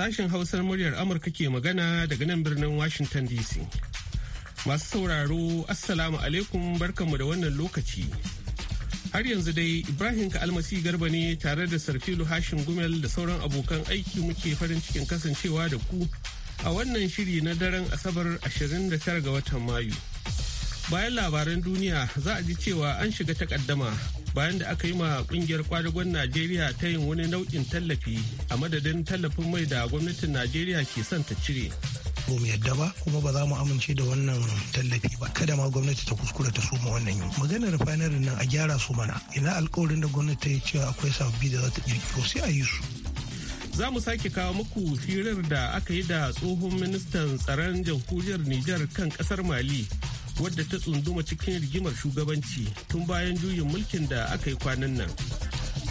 Sashen Hausar muryar Amurka ke magana daga nan birnin Washington DC. Masu sauraro, Assalamu alaikum barkanmu da wannan lokaci. Har yanzu dai Ibrahim Almasi Garba ne tare da Sarfilu hashin Gumel da sauran abokan aiki muke farin cikin kasancewa da ku a wannan shiri na daren Asabar 29 ga watan Mayu. bayan labaran duniya za a ji cewa an shiga takaddama bayan da aka yi ma kungiyar kwadagon najeriya ta yin wani nau'in tallafi a madadin tallafin mai da gwamnatin najeriya ke son ta cire ba mu yadda ba kuma ba za mu amince da wannan tallafi ba kada ma gwamnati ta kuskura ta suma wannan yi maganar refinery nan a gyara su mana ina alkawarin da gwamnati ta yi cewa akwai sababbi da za ta kirkiro sai a yi su za mu sake kawo muku firar da aka yi da tsohon ministan tsaron jamhuriyar Nijar kan kasar mali wadda ta tsunduma cikin rigimar shugabanci tun bayan juyin mulkin da aka yi kwanan nan.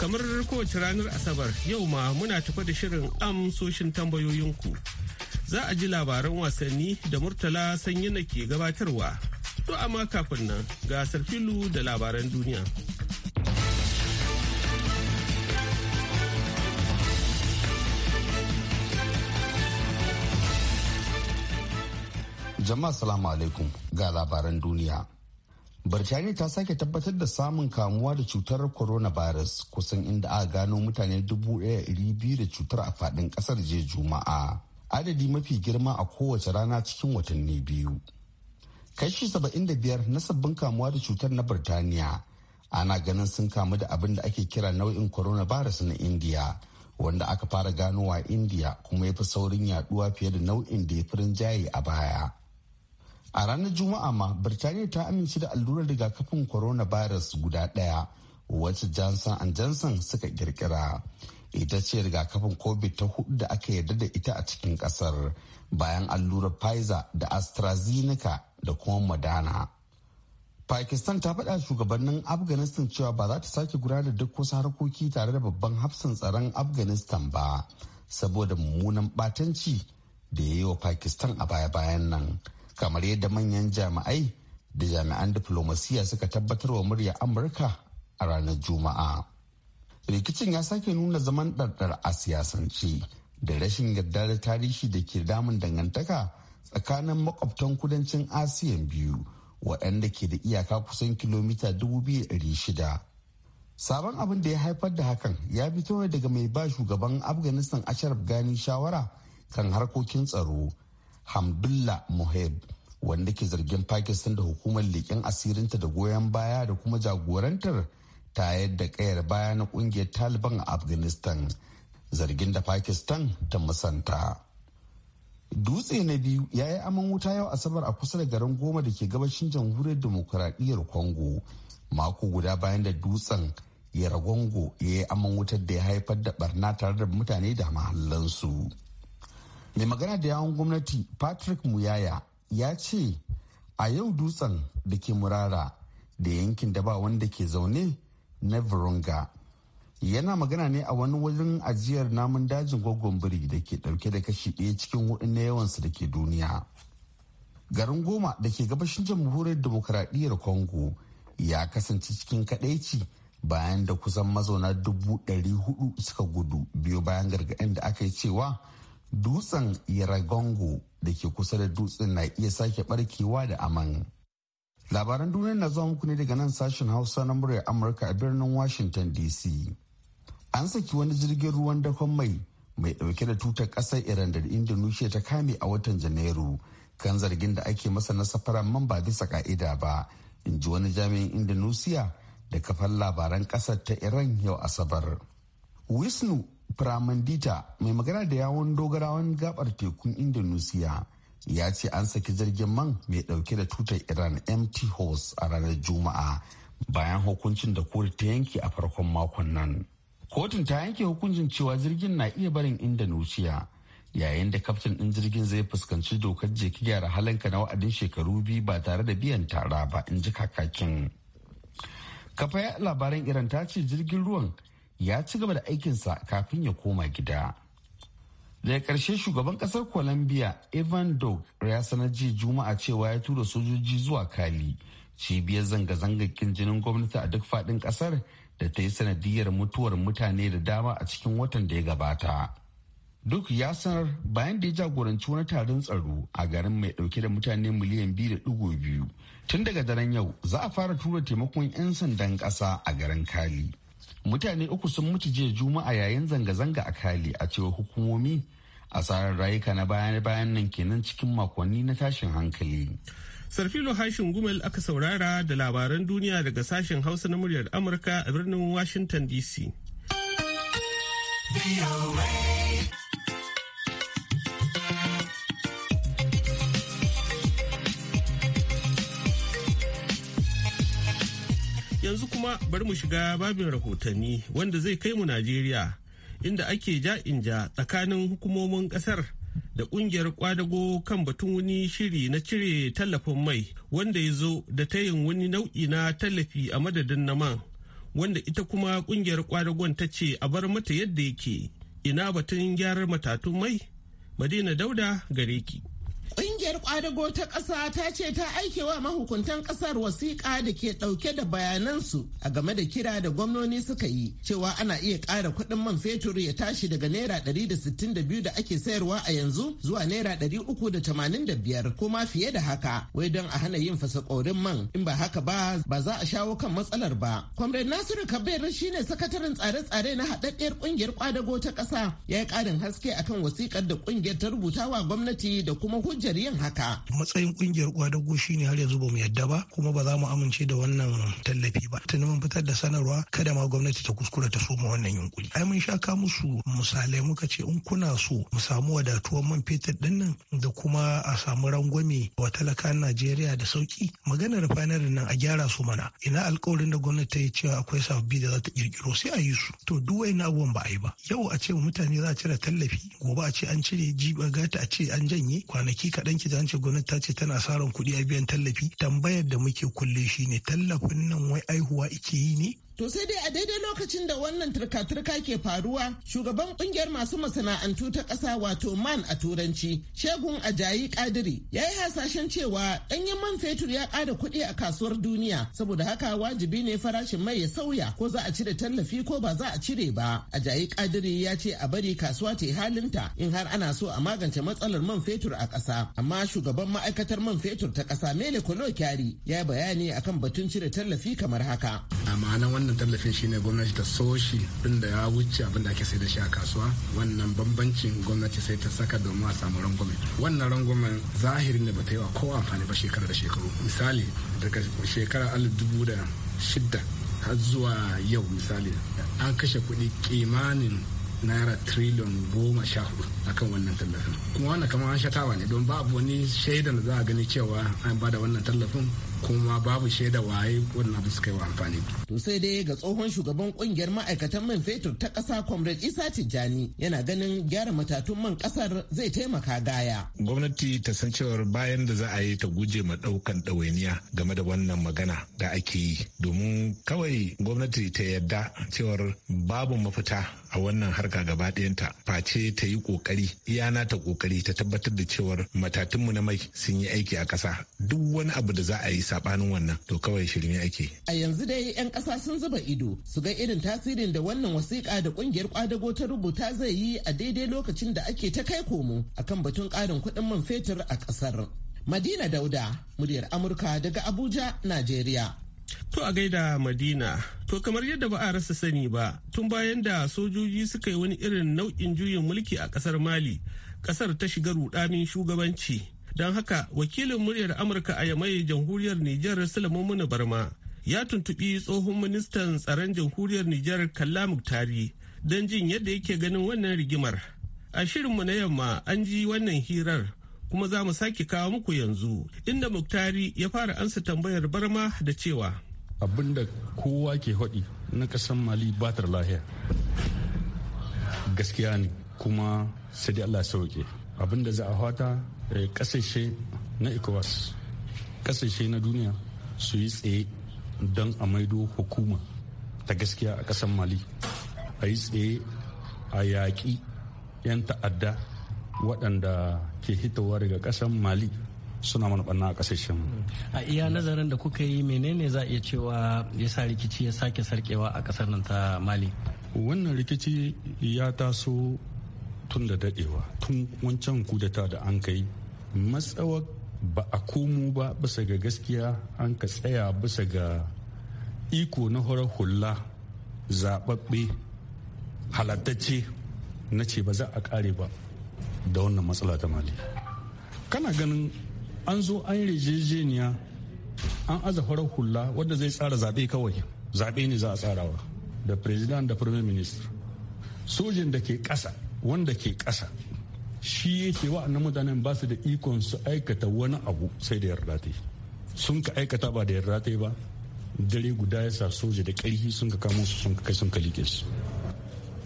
Kamar kowace ranar Asabar yau ma muna tafa da shirin amsoshin tambayoyinku. Za a ji labaran wasanni da Murtala Sanyi na ke gabatarwa. To amma kafin nan ga Sarfilu da labaran duniya. Jama'a salamu alaikum ga labaran duniya. Birtaniya ta sake tabbatar da samun kamuwa da cutar coronavirus kusan inda aka gano mutane dubu biyu da cutar a fadin kasar je Juma'a. Adadi mafi girma a kowace rana cikin watanni biyu. Kashi saba'in da biyar na sabbin kamuwa da cutar na Birtaniya ana ganin sun kamu da abin da ake kira nau'in coronavirus na Indiya. wanda aka fara ganowa indiya kuma ya fi saurin yaduwa fiye da nau'in da ya firin a baya a ranar juma'a ma birtaniya ta amince da allurar rigakafin coronavirus guda daya wacce johnson and johnson suka kirkira ita ce rigakafin covid ta hudu da aka yarda da ita a cikin kasar bayan allurar pfizer da astrazeneca da kuma madana pakistan ta faɗa shugabannin afghanistan cewa ba za ta sake gudanar duk wasu harkoki tare da babban hafsan tsaron afghanistan ba saboda mummunan batanci da ya yi wa pakistan a baya-bayan nan kamar yadda manyan jami'ai da jami'an diflomasiya suka tabbatar wa murya amurka a ranar juma'a rikicin ya sake nuna zaman ɗarɗar a siyasance da rashin yarda da tarihi da ke damun dangantaka tsakanin makwabtan kudancin asiyan biyu waɗanda ke da iyaka kusan kilomita 2,600 sabon abin da ya haifar da hakan ya fito daga mai ba shugaban afghanistan ashraf gani shawara kan harkokin tsaro hamdullah muhaib wanda ke zargin pakistan da hukumar leƙen asirinta da goyon baya da kuma jagorantar ta yadda kayar baya na kungiyar taliban a afghanistan zargin da pakistan ta musanta dutse na biyu ya yi aman wuta yau asabar a kusa da garin goma da ke gabashin jamhuriyar demokuraɗiyyar congo mako guda bayan da dutsen ya ragongo ya yi aman wutar da ya haifar da barna tare da mutane da mahallansu. mai magana da yawon gwamnati patrick muyaya ya ce a yau dutsen da ke murara da yankin da ba wanda ke zaune na virunga yana magana ne a wani wajen ajiyar namun dajin gwaggon biri da ke dauke da kashi ɗaya cikin hudu na yawansu da ke duniya garin goma da ke gabashin jamhuriyar demokuraɗiyyar congo ya kasance cikin kadaici bayan da kusan mazauna dubu ɗari hudu suka gudu biyo bayan gargaɗin da aka yi cewa dutsen yaragongo da ke kusa da dutsen na iya sake barkewa da aman labaran duniya na zuwa muku ne daga nan sashen hausa na muryar amurka a birnin washington dc an saki wani jirgin ruwan dakon mai mai ɗauke da tutar kasar iran da indonesia ta kame a watan janairu kan zargin da ake masa na safaran man ba bisa ka'ida ba in ji wani jami'in indonesia da kafan labaran kasar ta iran yau asabar wisnu Pramandita mai magana da yawon dogarawan gabar tekun Indonesia ya ce an saki jirgin man mai dauke da tutar Iran MT Horse a ranar Juma'a bayan hukuncin da kotu ta yanke a farkon makon nan. Kotun ta yanke hukuncin cewa jirgin na iya barin Indonesia yayin da kaftin ɗin jirgin zai fuskanci dokar jeki gyara halanka na wa'adin shekaru biyu ba tare da biyan tara ba in ji kakakin. Kafa labaran Iran ta ce jirgin ruwan ya ci gaba da aikinsa kafin ya koma gida. daga ƙarshe shugaban ƙasar colombia evan dog ya sanar jiya juma'a cewa ya tura sojoji zuwa kali cibiyar zanga-zangar kin jinin gwamnati a duk faɗin ƙasar da ta yi sanadiyar mutuwar mutane da dama a cikin watan da ya gabata duk ya sanar bayan da ya jagoranci wani taron tsaro a garin mai ɗauke da mutane miliyan biyu da biyu tun daga daren yau za a fara tura taimakon 'yan sandan ƙasa a garin kali mutane uku sun mutu jiya juma'a yayin zanga-zanga a kali a cewa hukumomi a asarar rayuka na bayan-bayan nan kenan cikin makonni na tashin hankali sarfilo hashin gumel aka saurara da labaran duniya daga sashen hausa na muryar amurka a birnin washington dc Yanzu kuma bari mu shiga babin rahotanni wanda zai kai mu Najeriya inda ake ja inja tsakanin hukumomin kasar da kungiyar kwadago kan batun wani shiri na cire tallafin mai wanda ya zo da tayin wani nau'i na tallafi a madadin na man wanda ita kuma kungiyar kwadagon ta ce a bar mata yadda yake ina batun gyarar matatun mai madina dauda gare ki. Ƙungiyar ƙwadago ta ƙasa ta ce ta aike wa mahukuntan ƙasar wasiƙa da ke ɗauke da bayanansu a game da kira da gwamnoni suka yi cewa ana iya ƙara kuɗin man fetur ya tashi daga naira ɗari da sittin da biyu da ake sayarwa a yanzu zuwa naira ɗari uku da tamanin da biyar ko ma fiye da haka wai don a hana yin fasakorin man in ba haka ba ba za a shawo kan matsalar ba. Kwamre Nasiru Kabir shine sakataren tsare-tsare na haɗaɗɗiyar ƙungiyar ƙwadago ta ƙasa ya yi ƙarin haske akan wasiƙar da ƙungiyar ta rubuta wa gwamnati da kuma hujjar yin haka matsayin kungiyar kwadago shi ne har yanzu ba mu yadda ba kuma ba za mu amince da wannan tallafi ba tuni mun fitar da sanarwa kada ma gwamnati ta kuskura ta soma wannan yunkuri ai mun shaka musu misalai muka ce in kuna so mu samu wadatuwar man fetur dinnan da kuma a samu rangwame wa talakan Najeriya da sauki maganar fanarin nan a gyara su mana ina alkawarin da gwamnati ta yi cewa akwai sababbi da za ta kirkiro sai a yi su to duk wani abubuwan ba a yi ba yau a ce mutane za a cire tallafi gobe a ce an cire jiba gata a ce an janye kwanaki kaɗan ki gwamnati ce gwamnati ta ce tana tsarin kuɗi a biyan tallafi tambayar da muke kulle shi ne tallafin nan wai aihuwa ike yi ne To sai dai a daidai lokacin da wannan turka-turka ke faruwa, shugaban kungiyar masu masana'antu ta ƙasa wato man a turanci, Shegun Ajayi Kadiri, ya yi hasashen cewa ɗanyen man fetur ya ƙara kuɗi a kasuwar duniya, saboda haka wajibi ne farashin mai ya sauya ko za a cire tallafi ko ba za a cire ba. Ajayi Kadiri ya ce a bari kasuwa ta yi halinta in har ana so a magance matsalar man fetur a ƙasa. Amma shugaban ma'aikatar man fetur ta ƙasa Mele Kolo Kyari ya yi bayani akan batun cire tallafi kamar haka. A ma'ana wannan tallafin shine gwamnati ta soshi shi ya wuce abin da ake sai da shi a kasuwa wannan bambancin gwamnati sai ta saka domin a samu rangwame wannan rangwamen zahirin ne bata yi wa ko amfani ba shekara da shekaru misali daga shekara alif dubu da shidda har zuwa yau misali an kashe kuɗi kimanin naira triliyon goma sha hudu akan wannan tallafin kuma wannan kamar an shatawa ne don babu wani shaidan da za a gani cewa an bada wannan tallafin kuma babu shaida waye wannan abu suka yi wa amfani. To sai dai ga tsohon shugaban kungiyar ma'aikatan man fetur ta ƙasa Comrade Isa Tijjani yana ganin gyara matatun man ƙasar zai taimaka gaya. Gwamnati ta san cewar bayan da za a yi ta guje ma ɗaukan ɗawainiya game da wannan magana da ake yi domin kawai gwamnati ta yadda cewar babu mafita a wannan harka gaba ɗayanta face ta yi ƙoƙari iyana ta ƙoƙari ta tabbatar da cewar matatunmu na mai sun yi aiki a ƙasa duk wani abu da za a yi sabanin wannan to kawai shirme ake a yanzu dai yan kasa sun zuba ido su ga irin tasirin da wannan wasiƙa da ƙungiyar kwadago ta rubuta zai yi a daidai lokacin da ake ta kai komo akan batun ƙarin kuɗin man fetur a ƙasar madina dauda muryar amurka daga abuja najeriya To a gaida Madina, to kamar yadda ba a rasa sani ba, tun bayan da sojoji suka yi wani irin nau'in juyin mulki a kasar Mali, ƙasar ta shiga rudamin shugabanci. Don haka wakilin muryar Amurka a yamai jamhuriyar Nijar Sulaiman Barma ya tuntubi tsohon ministan tsaron jamhuriyar Nijar Kalla Muktari don jin yadda yake ganin wannan rigimar. A shirinmu na yamma an ji wannan hirar kuma za mu sake kawo muku yanzu inda Muktari ya fara ansa tambayar Barma da cewa. Abinda kowa ke hodi na kasan Mali batar lahiya. Gaskiya ne kuma sai dai Allah sauke. abin da za a fata eh, kasashe na ecowas kasashe na duniya su yi tsaye don a maido hukuma ta gaskiya a kasan mali a yi tsaye a yaƙi 'yan ta'adda waɗanda ke hitowa daga ƙasar mali suna mana ɓanna a ƙasashen a iya nazarin da kuka yi menene za a iya cewa ya sa rikici ya sake sarkewa a ƙasar nan ta mali wannan rikici ya taso tun da dadewa tun wancan kudata da an kai matsawar ba a komo ba bisa ga gaskiya an ka tsaya bisa ga iko na horar hula zababbe halattacce na ce ba za a kare ba da wannan matsala ta mali kana ganin an zo an rejejeniya an aza horar hula wadda zai tsara zaɓe kawai zaɓe ne za a tsarawa da president da prime minister sojin da ke ƙasa wanda ke ƙasa shi yake wa'annan mutanen ba su da ikon su aikata wani abu sai da yarda ta sun ka aikata ba da yarda ta yi ba dare guda ya sa soja da ƙarfi sun ka kamo su sun ka kai sun ka liƙe su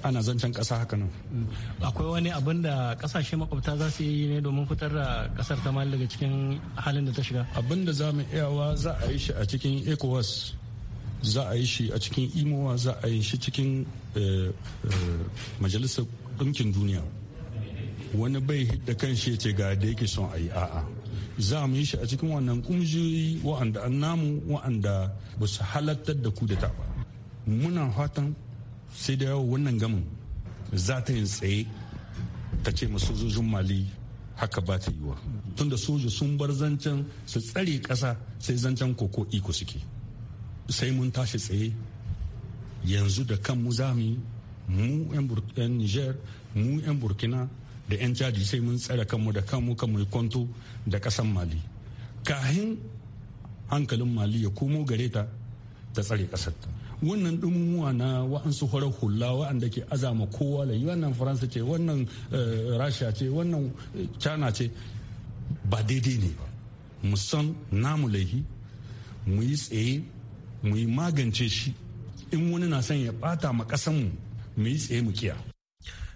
ana zancen ƙasa haka nan mm. akwai wani abin da ƙasashe makwabta za su yi ne domin fitar da ƙasar ta mali daga cikin halin da ta shiga abin da za mu iyawa za a yi shi a cikin ecowas za a yi shi a cikin imowa za a yi shi cikin eh, eh, majalisar ɗinkin duniya wani bai da kan shi ce ga da yake son ayi a'a za mu yi shi a cikin wannan kungiyoyi wa'anda an namu wa'anda ba su halattar da ku da ta ba muna fatan sai da yawo wannan gamin za ta yin tsaye ta ce ma sojojin mali haka ba ta yiwa tunda soja sun bar zancen su tsare ƙasa sai zancen koko iko suke sai mun tashi tsaye yanzu da kanmu za mu yi mu 'yan niger mu 'yan burkina da 'yan caji sai mun tsare kanmu da kanmu kanmu yi kwanto da kasan mali kahin hankalin mali ya komo gare ta ta tsare kasar ta wannan ɗumumuwa na wa'ansu horar hula wa'anda ke azama kowa da wannan faransa ce wannan eh, rasha ce wannan eh, china ce ba daidai ne ba mu san namu laihi mu yi tsaye mu yi magance shi in wani na son ya bata ma kasanmu mu yi tsaye mu kiya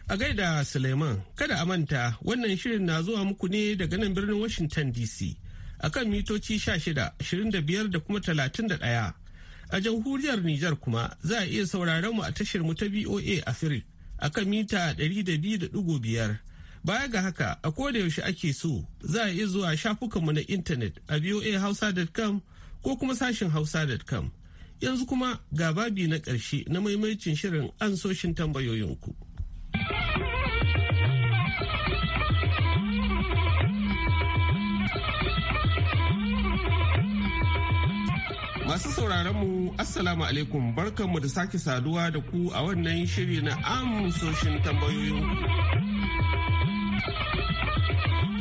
a gaida suleiman kada a manta wannan shirin na zuwa muku ne daga nan birnin washington dc a kan mitoci 16 da kuma 31 a jamhuriyar nijar kuma za a iya sauraron mu a tashar mu ta BOA a Firi a kan mita 200.5 baya ga haka a koda yaushe ake so za a iya zuwa shafukanmu na intanet a Hausa.com ko kuma sashin hausa.com yanzu kuma ga babi na ƙarshe na maimaicin shirin ansoshin tambayoyinku. Masu sauraron Assalamu alaikum barkanmu da sake saduwa da ku a wannan shiri na amsoshin tambayoyinku.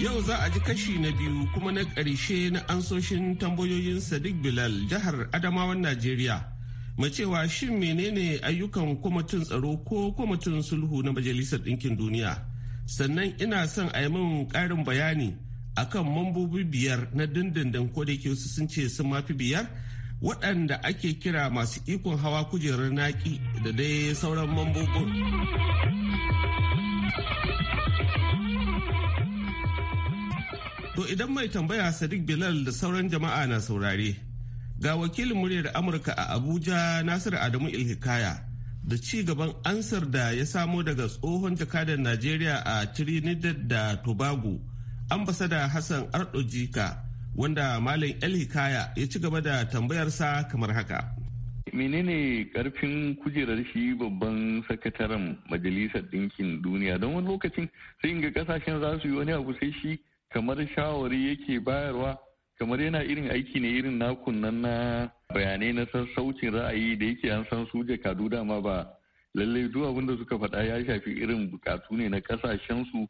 Yau za a ji kashi na biyu kuma na ƙarshe na ansoshin tambayoyin Sadiq Bilal jihar Adamawan Najeriya. Mai cewa shin menene ayyukan kwamitin tsaro ko kwamitin sulhu na Majalisar Ɗinkin Duniya? Sannan ina son a yi min ƙarin bayani akan mambobi biyar na dindindin ko da ke sun ce sun mafi biyar waɗanda ake kira masu ikon hawa kujerar naki da dai sauran mambobin. To idan mai tambaya Sadiq Bilal da sauran jama'a na saurare. Ga wakilin muryar Amurka a Abuja Nasiru Adamu Ilhikaya da ci gaban ansar da ya samo daga tsohon jakadar Najeriya a Trinidad da Tobago, ambasada Hassan ardojika wanda Malam Ilhikaya ya ci gaba da tambayarsa kamar haka. menene karfin kujerar shi babban sakataren majalisar ɗinkin duniya don wani lokacin sai inga kasashen za su yi wani abu sai shi kamar shawari yake bayarwa kamar yana irin aiki ne irin nakun na bayanai na sassaucin ra'ayi da yake an san su jakadu dama ba lallai duk abin da suka faɗa ya shafi irin bukatu ne na kasashensu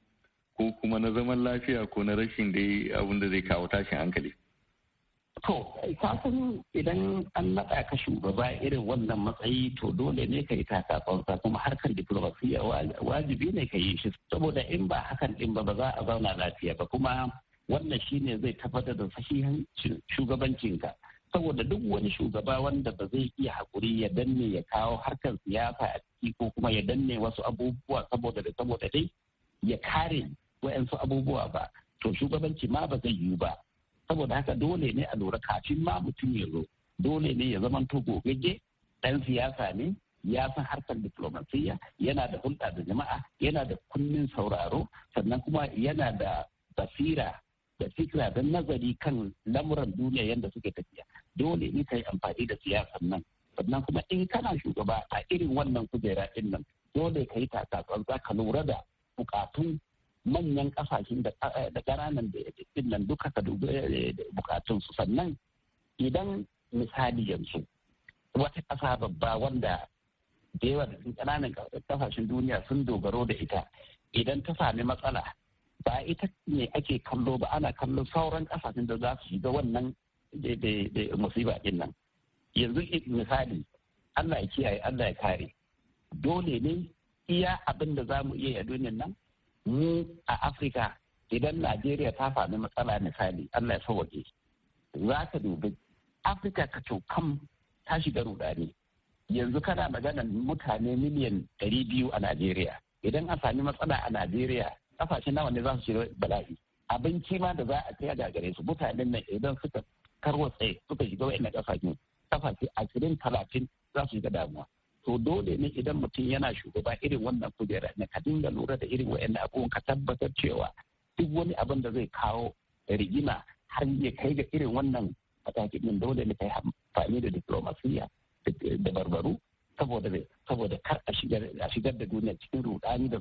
ko kuma na zaman lafiya ko na rashin dai abin da zai kawo tashin hankali. To, kasan idan an naɗa ka shugaba irin wannan matsayi to dole ne ka yi takatsantsa kuma harkar diplomasiya wajibi ne ka yi shi saboda in ba hakan din ba ba za a zauna lafiya ba kuma wannan shine zai tabbatar da sahihancin shugabancinka. Saboda duk wani shugaba wanda ba zai iya haƙuri ya danne ya kawo harkar siyasa a ciki ko kuma ya danne wasu abubuwa saboda da saboda dai ya kare wa'yansu abubuwa ba to shugabanci ma ba zai yiwu ba. saboda haka dole ne a lura kafin ma mutum ya zo dole ne ya zama to gogagge dan siyasa ne ya san harkar diplomasiya yana da hulɗa da jama'a yana da kunnin sauraro sannan kuma yana da basira da fikira don nazari kan lamuran duniya yadda suke tafiya dole ne ka yi amfani da siyasar nan sannan kuma in kana shugaba a irin wannan kujera din nan dole ka yi takatsantsa ka lura da bukatun manyan kasashen da eh, ƙananan da nan duka ka dubi eh, eh, bukatunsu sannan idan misali yanzu wata ƙasa babba wanda da yawa da ƙananan kasashen duniya sun dogaro da ita idan ta sami matsala ba ita ne ake kallo ba ana kallo sauran kasashen da za su shiga wannan musiba ɗin nan yanzu misali Allah ya kiyaye Allah ya kare dole ne iya abin da za mu iya a duniyar nan Ni a Afrika idan najeriya ta faɗi matsala misali allah ya sauwaƙe za ka dubi afrika ka cokam ta shiga rudani yanzu kana magana mutane miliyan ɗari biyu a najeriya idan a sami matsala a najeriya kafashe nawa ne za su shiga bala'i abin ma da za a kai ga gare su mutanen nan idan suka karwatse suka shiga wa'in kafashe a ashirin talatin za su shiga damuwa to dole ne idan mutum yana shugaba irin wannan kujera ne ka dinga lura da irin wa'annan abubuwan ka tabbatar cewa duk wani abin da zai kawo rigima har ya kai ga irin wannan matakin din dole ne kai amfani da diplomasiya da barbaru saboda kar a shigar da duniya cikin rudani da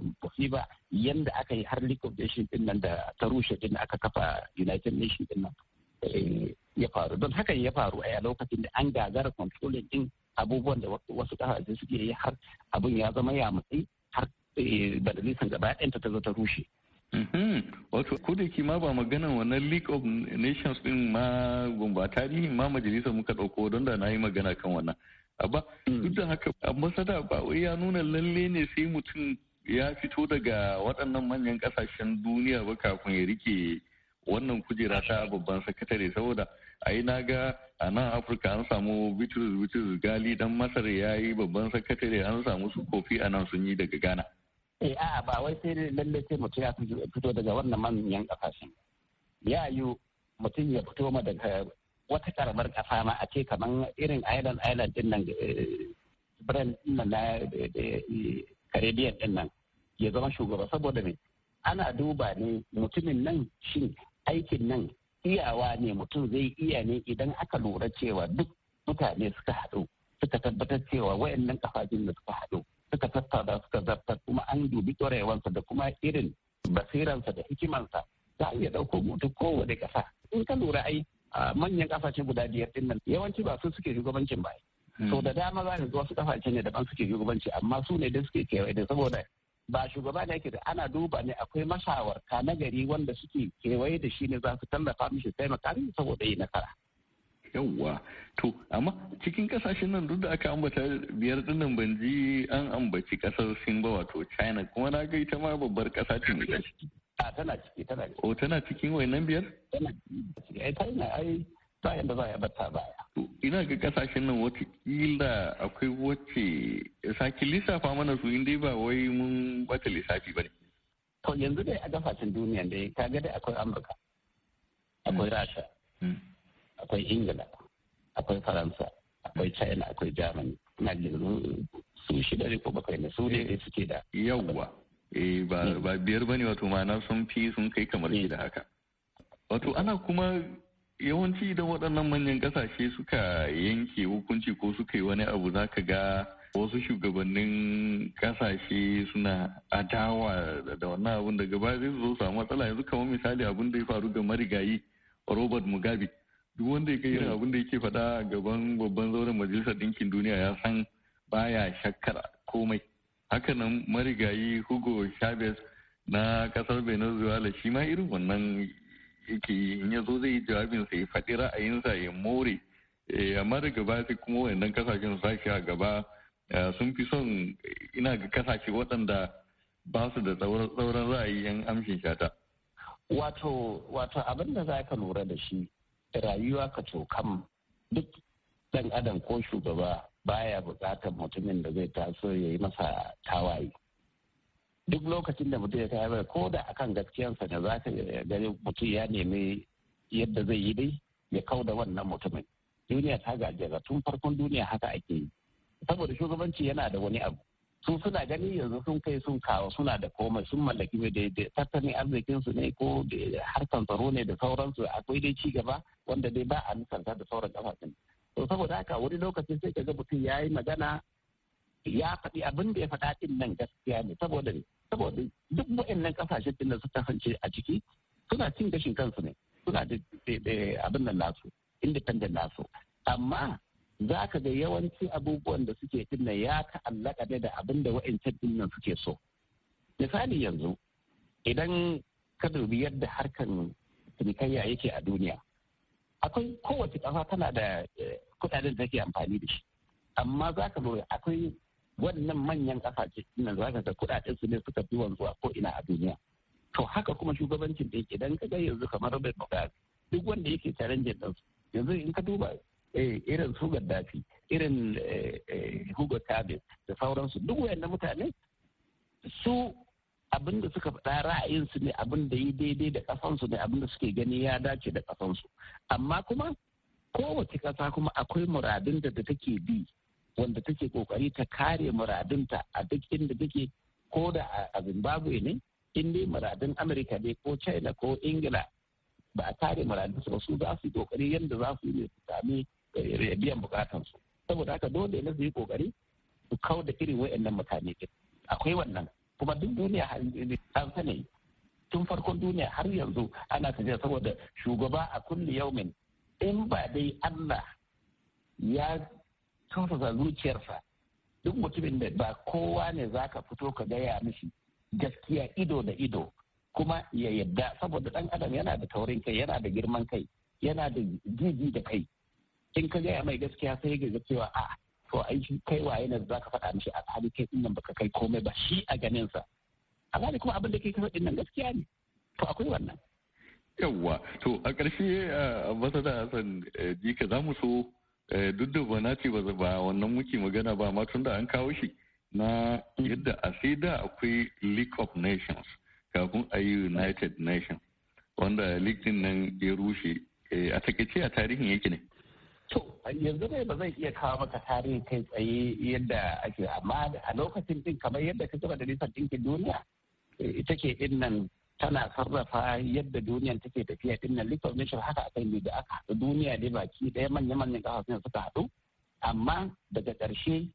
ba yanda aka yi har nations din nan da ta rushe din aka kafa United Nations din nan eh, ya faru don hakan ya faru a lokacin da an gagara controlling din abubuwan da wasu ƙasashe suke yi har abin ya zama ya matsi har eh, badalisan gaba ɗayanta ta zo ta rushe. Mm-hmm. Wato ko da ma ba maganan wannan League of Nations din ma gumba tarihin ma majalisar muka ɗauko don da na yi magana kan wannan. Abba mm. duk da haka ambasada ba wai ya nuna lalle ne sai mutum ya fito daga waɗannan manyan ƙasashen duniya ba kafin ya rike wannan kujera ta babban sakatare saboda ai na ga a nan afirka an samu bitrus bitrus gali dan masar ya yi babban sakatare an samu su kofi a nan sun yi daga ghana eh a'a ba wai sai lalle sai mutum ya fito daga wannan manyan kasashen ya yiwu mutum ya fito ma daga wata karamar kasa ma a ce kamar irin island island din nan eh, brand nan na eh, caribbean din nan ya zama shugaba saboda ne ana duba ne mutumin nan shin aikin nan iyawa ne mutum zai iya ne idan aka lura cewa duk mutane suka haɗu suka tabbatar cewa wayannan kafafin da suka haɗu suka tattauna suka zartar kuma an dubi ƙwarewansa da kuma irin basiransa da hikimansa za a iya ɗauko mutu kowane ƙasa in ka lura ai manyan ƙasashe guda biyar ɗin nan yawanci ba su suke shugabancin ba hmm. so da dama za ka ga wasu ƙasashe ne daban suke shugabanci amma su ne da suke kewaye da saboda ba shugaba ne ake da ana duba ne akwai mashawarta na gari wanda suke kewaye da shi ne za su tallafa mishi taimaka mishi saboda yi nasara. yawwa to amma cikin kasashen nan duk da aka ambata biyar dinnan ban ji an ambaci kasar sin ba wato china kuma na ga ita ma babbar kasa ce mai tana ciki tana ciki o tana cikin wayannan biyar tana eh, ai ba yadda za ya bata baya. Ina ga kasashen nan watakila akwai wacce saki lissafa mana su inda ba wai mun bata lissafi ba ne. To yanzu dai a gafacin duniya dai kaga dai akwai Amurka, akwai mm. Rasha, mm. akwai Ingila, akwai Faransa, akwai China, akwai Germany. Na yanzu su shida ne ko bakwai ne su ne eh, suke da. Yawwa. Eh ba mm. biyar bane wato ma'ana sun fi sun kai kamar shi da haka. Wato ana kuma yawanci idan waɗannan manyan ƙasashe suka yanke hukunci ko suka yi wani abu za ka ga wasu shugabannin ƙasashe suna adawa da wannan abun daga gaba zai zo samu matsala yanzu kamar misali abin da ya faru ga marigayi robert mugabe duk wanda ya kai abin da yake faɗa gaban babban zauren majalisar ɗinkin duniya ya san baya shakkar komai hakanan marigayi hugo chavez na kasar venezuela shi ma irin wannan yake yi in ya zo zai yi jawabin sa ya faɗi ra'ayinsa ya more eh, amma daga baya sai kuma wayannan kasashen sashi a gaba eh, sun fi son ina ga kasashe waɗanda ba su da tsauran ra'ayi yan amshin shata. Wato wato abin da za ka lura da shi rayuwa ka cokam duk ɗan adam ko shugaba baya bukatar mutumin da zai taso ya yi masa tawaye. duk lokacin da mutum ya kai haibara ko da akan gaskiyansa da za ka gani mutum ya nemi yadda zai yi dai ya kau da wannan mutumin duniya ta gajera tun farkon duniya haka ake yi saboda shugabanci yana da wani abu su suna gani yanzu sun kai sun kawo suna da komai sun mallaki mai daidai tattalin su ne ko harkan tsaro ne da sauransu akwai dai ci gaba wanda dai ba a nisanta da sauran kafafen. to saboda haka wani lokaci sai ka ga mutum ya yi magana ya faɗi abin da ya faɗa ɗin nan gaskiya ne saboda ne saboda duk wa'annan kasashe din da suka kasance a ciki suna cin gashin kansu ne suna da abin nan nasu independent nasu amma za ka ga yawanci abubuwan da suke dinna ya ta'allaka ne da abin da wa'ancan dinnan suke so misali yanzu idan ka dubi yadda harkan cinikayya yake a duniya akwai kowace ƙasa tana da eh, kudaden da take amfani da shi amma za ka lura akwai wannan manyan kasashe nan za ka ga kudaden su ne suka fi wanzuwa ko ina a duniya to haka kuma shugabancin da yake dan kaga yanzu kamar Robert Mugabe duk wanda yake challenging din yanzu in ka duba eh, irin su Gaddafi irin eh, eh, Hugo Chavez da sauransu duk wayannan mutane su abin da suka faɗa ra'ayinsu ne abin da yi daidai da kasansu ne abin da suke gani ya dace da su amma kuma kowace ƙasa kuma akwai muradin da take bi wanda take kokari ta kare muradinta a duk inda take ko da a zimbabwe ne in dai muradin amurka ne ko china ko ingila ba a kare muradinsu ba su za su yi kokari yadda za su yi su sami eh, biyan su saboda haka dole ne su yi kokari su kau da irin wa'annan mutane akwai wannan kuma duk duniya an sani tun farkon duniya har yanzu ana tafiya saboda shugaba a kulli yaumin in ba dai Allah ya tausasa zuciyarsa duk mutumin da ba kowa ne za ka fito ka gaya mishi gaskiya ido da ido kuma ya yadda saboda dan adam yana da taurin kai yana da girman kai yana da jiji da kai in ka gaya mai gaskiya sai ya ga cewa a to ai shi kai waye ne za ka faɗa mishi a kai din nan baka kai komai ba shi a ganin sa kuma abin da kai ka faɗin nan gaskiya ne to akwai wannan yawwa to a ƙarshe eh, a masana hassan eh, jika za mu so Eh, duk da ba na ce ba wannan muke magana ba ma tun da an kawo shi na yadda a sai da akwai league of nations kafin a yi united nations wanda league nan ya rushe eh, a takaice a tarihin yake ne To yanzu dai ba zai iya kawo maka tarihi kai tsaye yadda ake amma a lokacin din kamar yadda ka gaba da nisan ɗinkin duniya eh, ita ke ɗin nan tana sarrafa yadda duniyan take tafiya din nan liquid nation haka aka yi da aka haɗu duniya dai baki ɗaya manya-manyan kafafen suka haɗu amma daga ƙarshe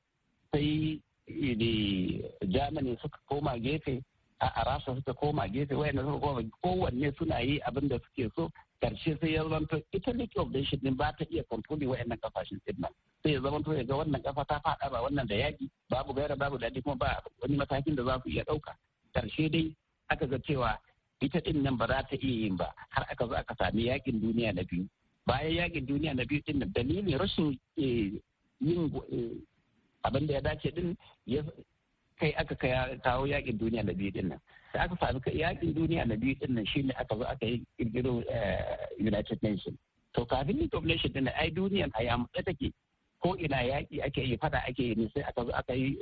sai eh, germany suka koma gefe a suka koma gefe wayanda suka koma kowanne suna yi abin da suke so Ƙarshe sai ya zama ita league of din ba ta iya kontroli wayannan kafashin din nan sai ya zama to ya ga wannan kafa ta faɗa ba wannan da yaƙi. babu gaira babu daɗi kuma ba wani matakin da za su iya ɗauka. Ƙarshe dai aka ga cewa ita din nan ba za ta iya yin ba har aka zo aka sami yakin duniya na biyu bayan yakin duniya na biyu din dalilin rashin eh, yin eh, abin da ya dace din ya kai aka kawo yakin duniya na biyu din nan da aka sami yakin duniya na biyu din nan shine aka zo aka yi kirkiro eh, United Nation. to kafin League of Nations din ai duniya a yamutse take ko ina yaki ake yi fada ake yi ne sai aka zo aka yi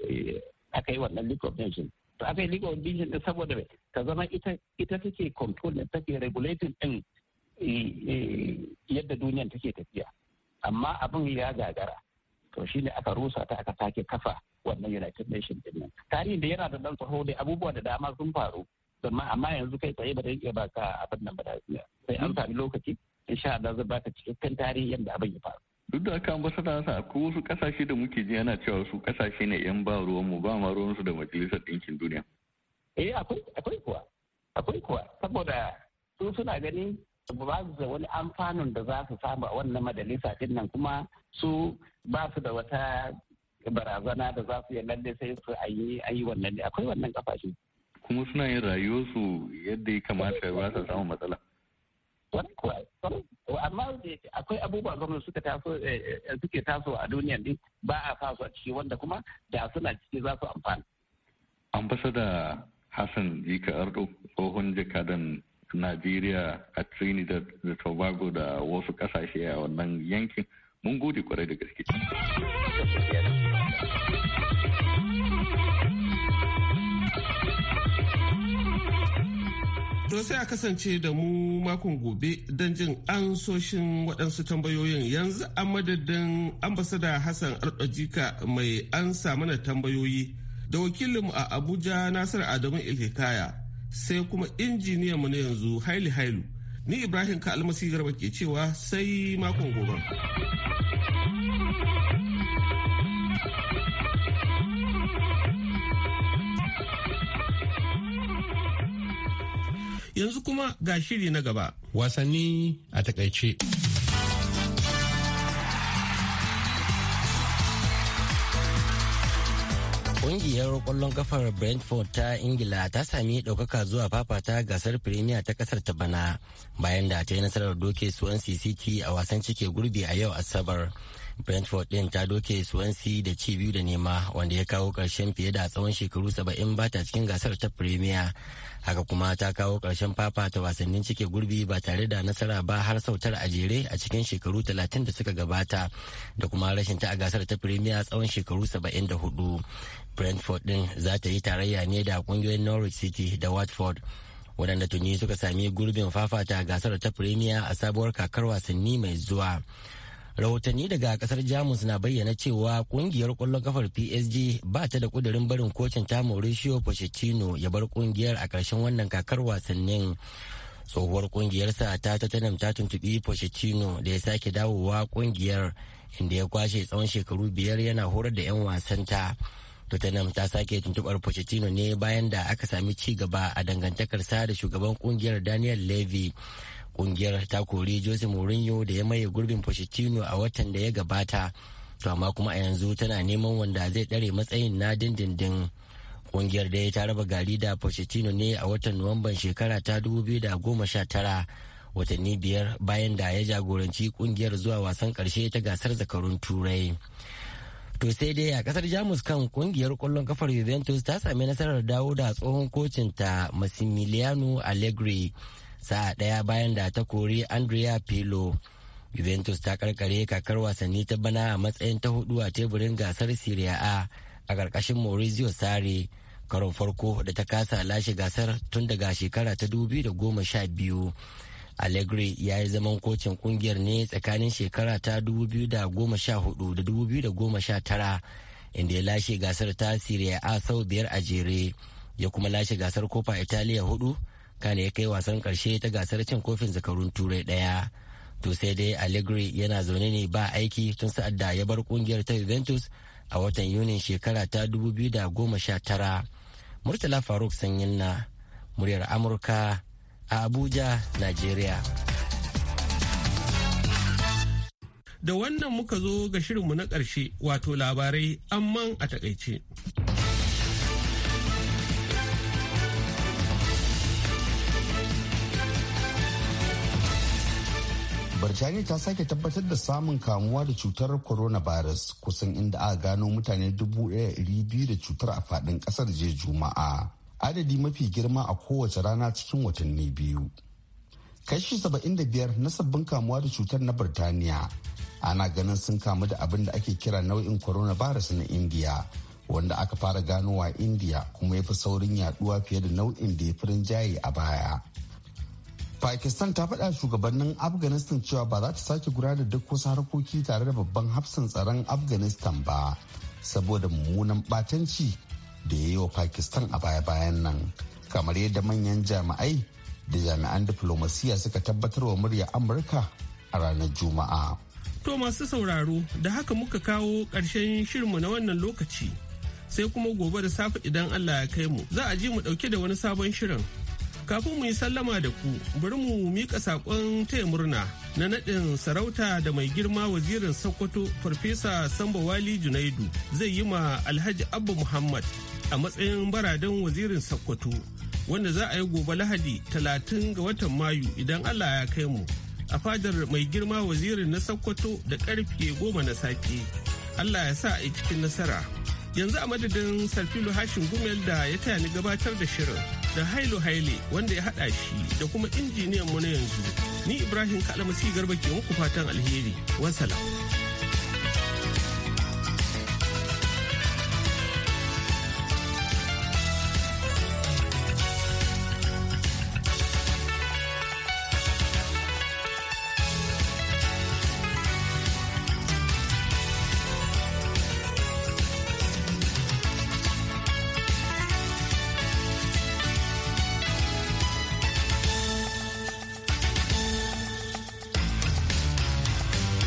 aka yi wannan League of Nations to aka yi legal vision din saboda ta zama ita take control din take regulating din eh, eh, yadda duniyan take tafiya amma abin ya gagara to shine aka rusa ta aka sake kafa wannan united nations din tarihin da yana da dan tsaho da abubuwa da dama sun faru amma yanzu kai tsaye ba da iya baka abin nan ba da sai an hmm. sami lokaci insha Allah zai ta cikakken tarihin yadda abin ya faru duk da haka ambasada sa ko wasu kasashe da muke ji yana cewa su kasashe ne yan ba mu ba ma su da majalisar ɗinkin duniya eh akwai akwai kuwa akwai kuwa saboda su suna ganin ba su da wani amfanin da za su samu a wannan majalisa din nan kuma su ba su da wata barazana da za su yi lalle sai su ayi ayi wannan akwai wannan kafashe kuma suna yin su yadda ya kamata ba su samu matsala wani kuwa amma akwai abubuwa gwamnati suka taso eh, eh, suke taso a duniya din ba a faso a ciki wanda kuma da suna ciki za su amfana. an da hassan jika ardo tsohon jakadan najeriya a trinidad da tobago da wasu kasashe a wannan yankin mun gode kwarai da gaske. don sai a kasance da mu makon gobe don jin ansoshin waɗansu tambayoyin yanzu a madadin ambasada Hassan Arɗajika mai ansa mana tambayoyi da wakilinmu a Abuja Nasir Adamu Ilhikaya sai kuma injiniyanmu na yanzu Haili Hailu. Ni Ibrahim Ka Almasi Garba ke cewa sai makon gobe. Yanzu kuma ga shiri na gaba. Wasanni a takaice. Ƙungiyar ƙwallon kafar Brentford ta Ingila ta sami ɗaukaka zuwa fafata gasar Premier ta ƙasar ta bana bayan da ta yi nasarar doke Swansea City a wasan cike gurbi a yau Asabar. brentford din ta doke swansea da ci biyu da nema wanda ya kawo karshen fiye da tsawon shekaru saba'in ba ta cikin gasar ta premier haka kuma ta kawo karshen fafa ta wasannin cike gurbi ba tare da nasara ba har sautar a jere a cikin shekaru talatin da suka gabata da kuma rashin ta a gasar ta premier tsawon shekaru saba'in da hudu brentford din za ta yi tarayya ne da kungiyoyin norwich city da watford wadanda tuni suka sami gurbin fafata gasar ta premier a sabuwar kakar wasanni mai zuwa rahotanni daga kasar jamus na bayyana cewa kungiyar kwallon kafar psg ba ta da kudirin barin kocin ta mauricio pochettino ya bar kungiyar a ƙarshen wannan kakar wasannin tsohuwar kungiyarsa ta tottenham ta tuntubi pochettino da ya sake dawowa kungiyar inda ya kwashe tsawon shekaru biyar yana horar da 'yan ta Tottenham ta sake tuntubar Pochettino ne bayan da aka sami ci gaba a dangantakarsa da shugaban kungiyar Daniel Levy kungiyar ta kori jose mourinho da ya maye gurbin pochettino a watan da ya gabata to amma kuma a yanzu tana neman wanda zai tsare matsayin na dindindin kungiyar da ta raba gari da pochettino ne a watan nuwamban shekara ta 2019 watanni biyar bayan da ya jagoranci kungiyar zuwa wasan karshe ta gasar zakarun turai to sai dai a kasar jamus kan kungiyar kwallon kafar juventus ta sami nasarar dawo da tsohon kocinta ta massimiliano allegri sa'a ɗaya bayan da ta kori andrea pilo juventus ta karkare kakar wasanni ta bana a matsayin ta hudu a teburin gasar siri'a a a ƙarƙashin maurizio sare karon farko da ta kasa lashe gasar tun daga shekara ta 2012 allegri ya yi zaman kocin kungiyar ne tsakanin shekara ta 2014 da 2019 inda ya lashe gasar ta Serie A sau biyar a jere ya kuma lashe gasar Coppa italiya hudu kane ya kai wasan karshe ta gasar cin kofin zakarun turai daya to sai dai allegri yana zaune ne ba aiki tun sa'ad da ya bar kungiyar ta juventus a watan yunin shekara ta da goma sha tara murtala faruk sanyin na muryar amurka a abuja nigeria da wannan muka zo ga shirinmu na ƙarshe wato labarai amman a takaice. Birtaniya ta sake tabbatar da samun kamuwa da cutar coronavirus kusan inda aka gano mutane dubu biyu da cutar a fadin kasar je Juma'a. Adadi mafi girma a kowace rana cikin watanni biyu. Kashi 75 na sabbin kamuwa da cutar na Birtaniya ana ganin sun kamu da abin da ake kira nau'in coronavirus na India wanda aka fara ganowa India kuma ya fi saurin yaduwa fiye da nau'in da ya firin a baya. pakistan ta faɗa shugabannin afghanistan cewa ba za ta sake gudanar duk wasu harkoki tare da babban hafsan tsaron afghanistan ba saboda mummunan batanci da ya yi wa pakistan a baya-bayan nan kamar yadda manyan jami'ai da jami'an diflomasiya suka tabbatar wa murya amurka a ranar juma'a to masu sauraro da haka muka kawo ƙarshen shirinmu na wannan lokaci sai kuma gobe da safe idan allah ya kai mu za a ji mu ɗauke da wani sabon shirin Kafin mu yi sallama da ku, bari mu mika saƙon taya murna na naɗin sarauta da mai girma wazirin Sokoto Farfesa sambo Wali Junaidu zai yi ma Alhaji Abba Muhammad a matsayin baradan wazirin Sokoto wanda za a yi gobe Lahadi talatin ga watan Mayu idan Allah ya kai mu a fadar mai girma wazirin na Sokoto da karfe goma na safe. Allah ya sa a yi cikin nasara. Yanzu a madadin Sarfilu Hashin Gumel da ya taya ni gabatar da shirin. da Hailu Haile wanda ya haɗa shi da kuma injiniyan mu na yanzu. Ni Ibrahim Kalamasi Garba ke muku fatan alheri. Wassalam.